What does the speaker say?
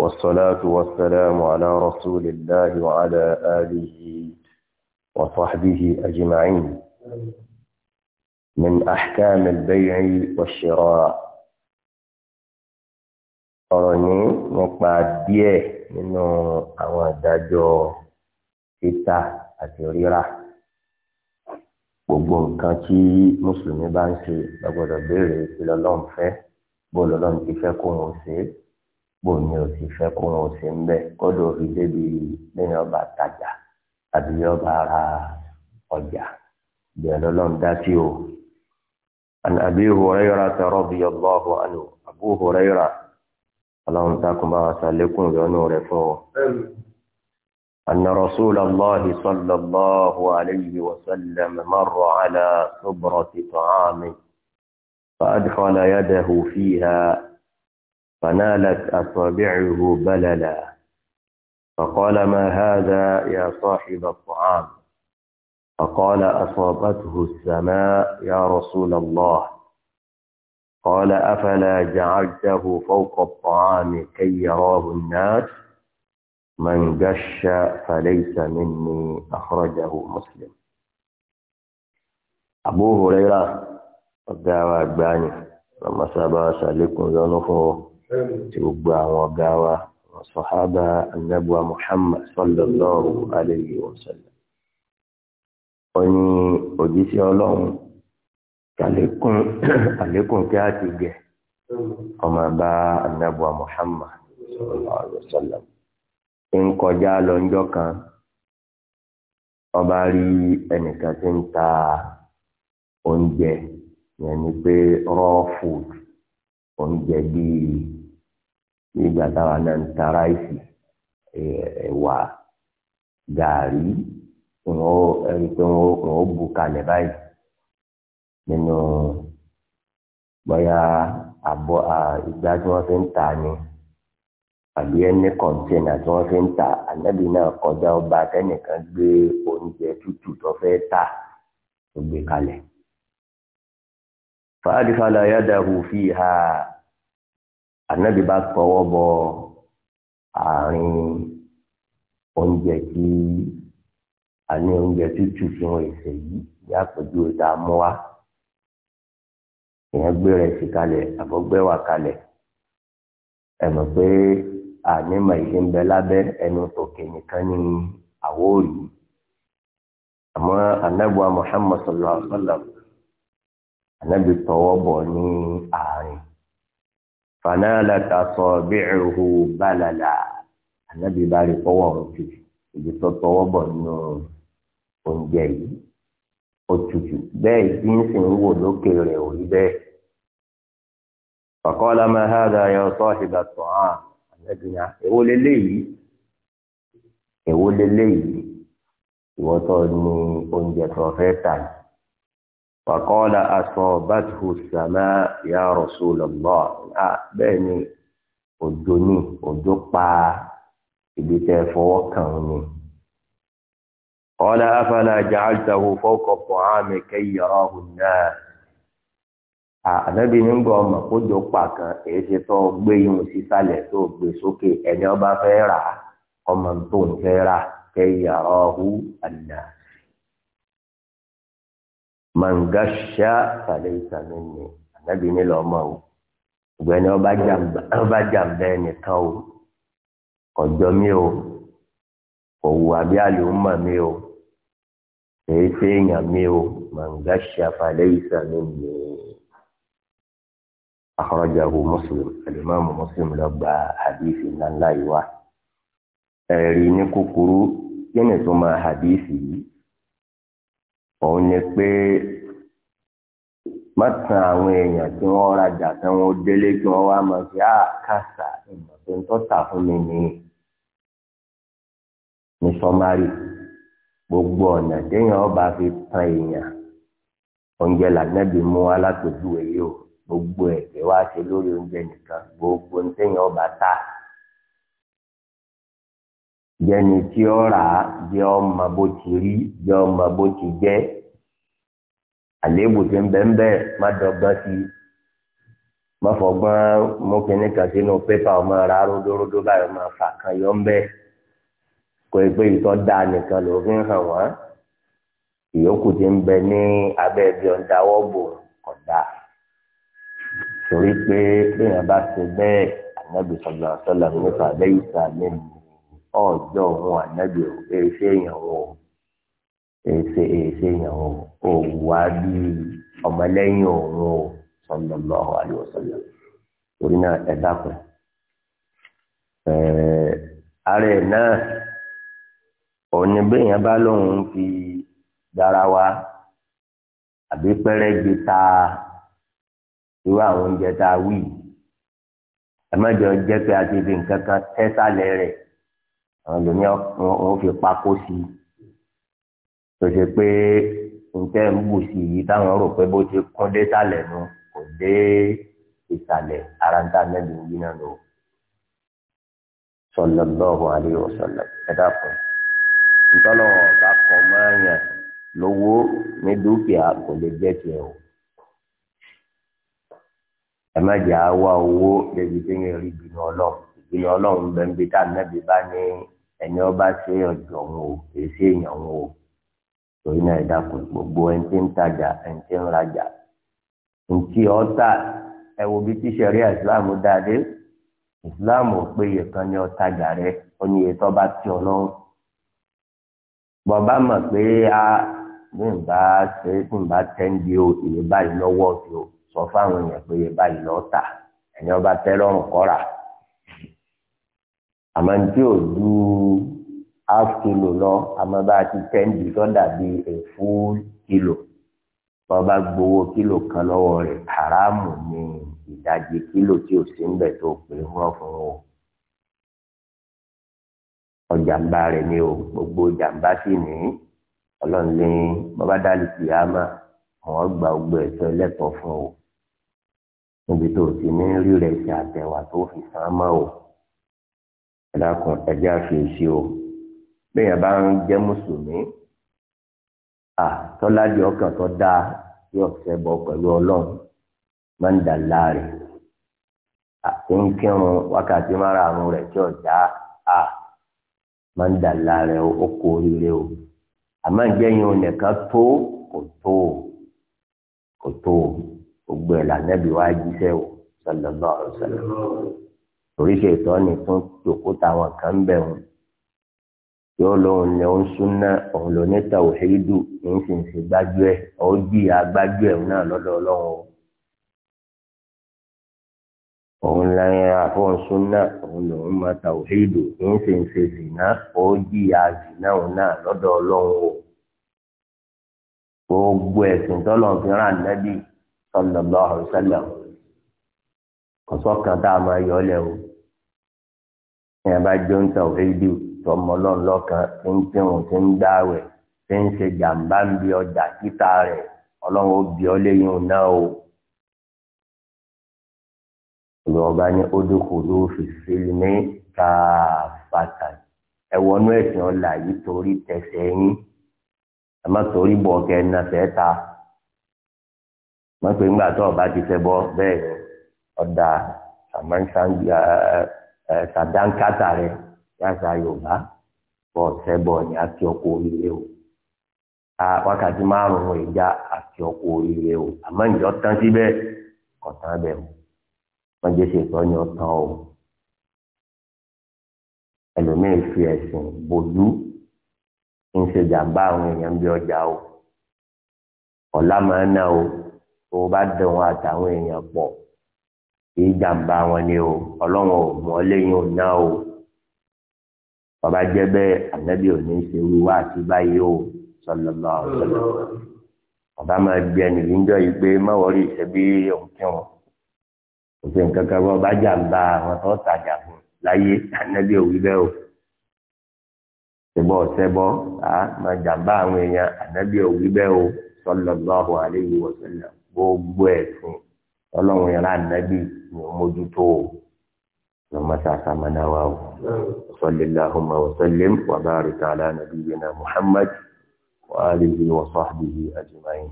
والصلاة والسلام على رسول الله وعلى آله وصحبه أجمعين من أحكام البيع والشراء ọ̀rọ̀ ní nípa díẹ̀ nínú àwọn ìdájọ́ títà àti rírà gbogbo nǹkan tí mùsùlùmí bá ń ṣe lọ́gbọ́dọ̀ béèrè kí lọ́lọ́run fẹ́ bó lọ́lọ́run ti fẹ́ kó ṣe é bò ní o sì fẹ́ kó wọn ò sí ń bẹ́ kọ́dọ̀ fi débi lẹ́yìn ọba tajà àti ọba ara ọjà bẹ́ẹ̀ lọ́lọ́run dá sí o. عن أبي هريرة رضي الله عنه أبو هريرة اللهم تاكم وسلكم بأنور فوق أن رسول الله صلى الله عليه وسلم مر على صبرة طعام فأدخل يده فيها فنالت أصابعه بللا فقال ما هذا يا صاحب الطعام فقال أصابته السماء يا رسول الله قال أفلا جعلته فوق الطعام كي يراه الناس من جش فليس مني أخرجه مسلم أبو هريرة الدعوة الباني لما سبا سألكم ذنفه tí gbogbo àwọn ọ̀gá wa sọ̀hábà anábùwà Muhammad sallallahu alayhi wa sallam. ó ní òjíṣẹ́ ọlọ́run kàlékún àlékún kí á ti gẹ̀ ọmọ bá anábùwà Muhammad sallallahu alayhi wa sallam. ń kọjá lọ́njọ́ kan ọba rí ẹnìkan tí ń ta oúnjẹ yẹn ni pé raw food oúnjẹ bíi nígbà táwa náà ń ta ráìsì ẹ̀wà gàárì ẹni pé wọn bu kalẹ̀ báyìí nínú bóyá àbọ̀ ìgbà tí wọ́n fi ń ta ni àbí ẹni kọ̀ǹtẹ́nà tí wọ́n fi ń ta ànábì náà kọjá ọba akẹ́nìkan gbé oúnjẹ tútù tó fẹ́ tà tó gbé kalẹ̀. fàádìfàlà yàdàhù fi hà ànábì bá tọwọ́ bọ àárín oúnjẹ tí a ní oúnjẹ tútù tí wọn èsè yìí ní àpèjúwe tá a mú wá èèyàn gbé rẹ̀ sí kalẹ̀ àbọ̀gbẹ́wà kalẹ̀ ẹ mọ̀ pé ànímọ̀ ìṣe ń bẹ lábẹ́ ẹnu tòkè nìkan ní àwòrì àmọ́ anábùwà Muhammad sallallahu alaihi wa sallam anábì tọwọ́ bọ̀ ní àárín fanala tasọ bíihu balala anabi bá rí fọwọ́ òtù ibi tó tọwọ́ bọ̀ nínú oúnjẹ yìí òtútù bẹ́ẹ̀ tí ń sìn ń wò lókè rẹ̀ ò rí bẹ́ẹ̀. faqala ma hadha ya sahiba at-ta'am anabi na èwo lélẹ́yìí èwo lélẹ́yìí ìwọ́tọ̀ ní oúnjẹ tó fẹ́ tà yìí. فقال أصابته السماء يا رسول الله بني òjò ni òjò pa ibi tẹ fọwọ́ kàn ni. قال أفلا جعلته فوق الطعام كي يراه الناس. ànábi nígbà ọmọ kójọ pa kan èyí ṣe tó gbé ihun sísàlẹ̀ tó gbé sókè ẹni ọba fẹ́ rà ọmọ tó ń fẹ́ rà كي يراه الناس mọ̀ngàṣá tàlẹ́ ìsàmì ni ànábì nílò ọmọ o ọgbẹ́ni ọba jàǹbẹ́ nìkan o ọjọ́ mi o òwò àbí àlùmọ̀ mi o èyí tí èèyàn mi o mọ̀ngàṣá tàlẹ́ ìsàmì ni akọrọjàwò Muslim alimami Muslim lọ gba hadithi ńláńlá yìí wá ẹ̀rí ní kúkúrú yẹn ní tó máa hadithi yìí. òun ni pé má tan àwọn èèyàn tí wọ́n rajà tí wọ́n délé kí wọ́n wá mọ̀ sí àkàṣà ah, ìmọ̀ tó ń tọ́ta gbogbo ọ̀nà téèyàn ọba fi tan èèyàn oúnjẹ làgbẹ́bí mú alátòjú èyí o gbogbo ẹ̀ kí wá ṣe lórí gbogbo téèyàn ọba ta. jẹni tí ó rà á jẹ ọmọ bó ti rí jẹ ọmọ bó ti jẹ àléébù tí ń bẹ ń bẹ má dọ́gbọ́n sí i má fọgbọ́n mú kinní kan sínú pépà ọmọ rà á ródóródó báyìí ọmọ fà kan yọ ń bẹ kò ì pé ìtọ́ da nìkan ló fi ń hàn wọ́n ìyókù tí ń bẹ ní abẹ́ ibi ọ̀dà wọ́ọ̀bù ọ̀dà torí pé bí èèyàn bá ṣe bẹ́ẹ̀ ànábì sallallahu nípa abẹ́ ìsàlẹ̀ mi. ọjọ́ ohun ànábì o èsè èèyàn o èsè èsè èèyàn o òwà bíi ọmọlẹ́yìn òun o sallallahu alaihi wasallam torí náà ẹ dákun ẹ ààrẹ náà òní bẹ́ẹ̀yàn bá lóun fi garawa àbí pẹ́rẹ́gì ta irú àwọn oúnjẹ tá a wí ẹ má jọ jẹ́ pé a àwọn lòmí wọn fi pákó sí i tó ṣe pé nǹkan ń bù sí i táwọn rò pé bó ti kún dé sàlẹ̀ nu kò dé ìsàlẹ̀ ara ń tà mẹ́bí ń yín náà lò sallallahu alaihi wasallam ẹ dákun ntọ́nà ọba kan máa yàn lówó ní dúkìá kò lè jẹ́ tiẹ̀ o ẹ má jẹ́ àwa owó débi tí ń rí bínú ọlọ́run ìyẹn ọlọ́run bẹ́ńbí tá nẹ́bí bá ní ẹni ọba ṣe ọjọ́ wọn o kì í ṣe èèyàn wọn o torí náà ẹ̀dá kò gbogbo ẹni tí ń tajà ẹni tí ń rajà nǹkí ọ̀tá ẹ wo bí tíṣẹ̀rí islam dáadé islam ò pé iye kan ní ọ̀tajà rẹ ó ní iye tó tí ọ lọ́rùn bọ́ọ̀bá mọ̀ pé a bí n bá ṣe bí n bá tẹ́ǹdì o iye báyìí lọ́wọ́ ọ̀tí o sọ fáwọn èèyàn pé iye báyìí lọ́ọ̀tà ẹni ọba tẹ́ kọ́ra àmọ́ ní ò ju half kilo lọ àmọ́ ti ten di tó dàbí a full kilo wọ́n bá gbowó kilo kan lọ́wọ́ rẹ̀ haramu ni ìdajì kilo tí ò sí ń bẹ̀ tó pé wọ́n fún o ọjàmbá rẹ̀ ni o gbogbo jàmbá sì ní ọlọ́run ní bàbá dálì kìyàmá àwọn gba gbogbo ẹ̀tọ́ ẹlẹ́tọ̀ọ́ fún o níbi tó o ti ní rí ṣe àtẹ̀wà tó fi sàn án mọ́ o. ẹ̀dàkùn ẹ̀jẹ̀ àfiyèsí o bẹ́ẹ̀ bá ń jẹ́ mùsùlùmí à ọkàn tó dáa tí ọ̀sẹ̀ bọ̀ pẹ̀lú ọlọ́run máa ń dà láàrin àti ń kírun wákàtí márààrún rẹ̀ tí ọ̀dà à máa ń dà láàrin o àmọ́ o nìkan tó kò tó o kò tó o gbogbo ẹ̀ lànà jíṣẹ́ o torí ṣe fun tún tòkúta àwọn kan bẹ̀ wọn yóò lóun ní òun súnná òun ló ní tàwíìdù ní sìnsì gbájú ẹ ó jìyà gbájú ẹ náà lọ́dọ̀ ọlọ́run o òun lẹ́yìn àfọ̀n súnná òun lòun máa tàwíìdù ní zìnà ó òun náà lọ́dọ̀ ọlọ́run o gbogbo ẹ̀sìn tọ́lọ̀ fi rán ànábì sallallahu alaihi wasallam tá a máa ìyẹn bá jọ ń ta òhèdè tọmọ ọlọ́ọ̀lọ́kan tí ń kírun tí ń dáwẹ̀ tí ń ṣe jàǹbá ń ọjà títà rẹ̀ ọlọ́run ó léyìn òun náà o. olùwọ́ba ní sílẹ̀ ní káfàtà ẹ̀wọ̀nú ẹ̀sìn ọ̀la yìí torí tẹ̀sẹ̀ yín àmọ́ torí bọ̀ kẹ́ sàdánkátà rẹ yàtà yorùbá bọ sẹbọ ni àti ọkọ oríire o wákàtí márùnún ìjà àti ọkọ oríire o àmọ́ ìjọ tán síbẹ̀ kọtàn bẹ o wọn jẹ ṣètò ọyàn tán o ẹlòmíì fi ẹsìn bòjú ń ṣe jàǹbá àwọn èèyàn bí ọjà o ọ̀la máa ń ná o tó o bá dẹ̀wọ̀n àtàwọn èèyàn pọ̀ kì í jàǹbá wọn ni o ọlọ́run ò mọ́ lẹ́yìn ò ná o bàbá jẹ́ bẹ́ẹ̀ ànábì ò ní ṣe wíwá àti báyìí o sallallahu alaihi wasallam bàbá máa gbé ẹni níjọ́ yìí pé má wọrí ìṣẹ́bí òǹkẹ́wọ̀n òṣèlú kankan wọn bá jàǹbá àwọn tó tajà fún láyé ànábì ò wí bẹ́ẹ̀ o ṣùgbọ́n ọ̀sẹ̀bọ́ a máa jàǹbá àwọn èèyàn ànábì ò wí bẹ́ẹ̀ o sallallahu alaihi wasallam gbogbo ẹ̀ fún un. ọlọ́run yàrá nàbí ni ó mójútó o lọ́mọ́sá sàmánà wa o sọlélàhùnmá wa sọlém wa bárìkà alá nabiyyina muhammad wa á lè alihi wa sahbihi ajma'in.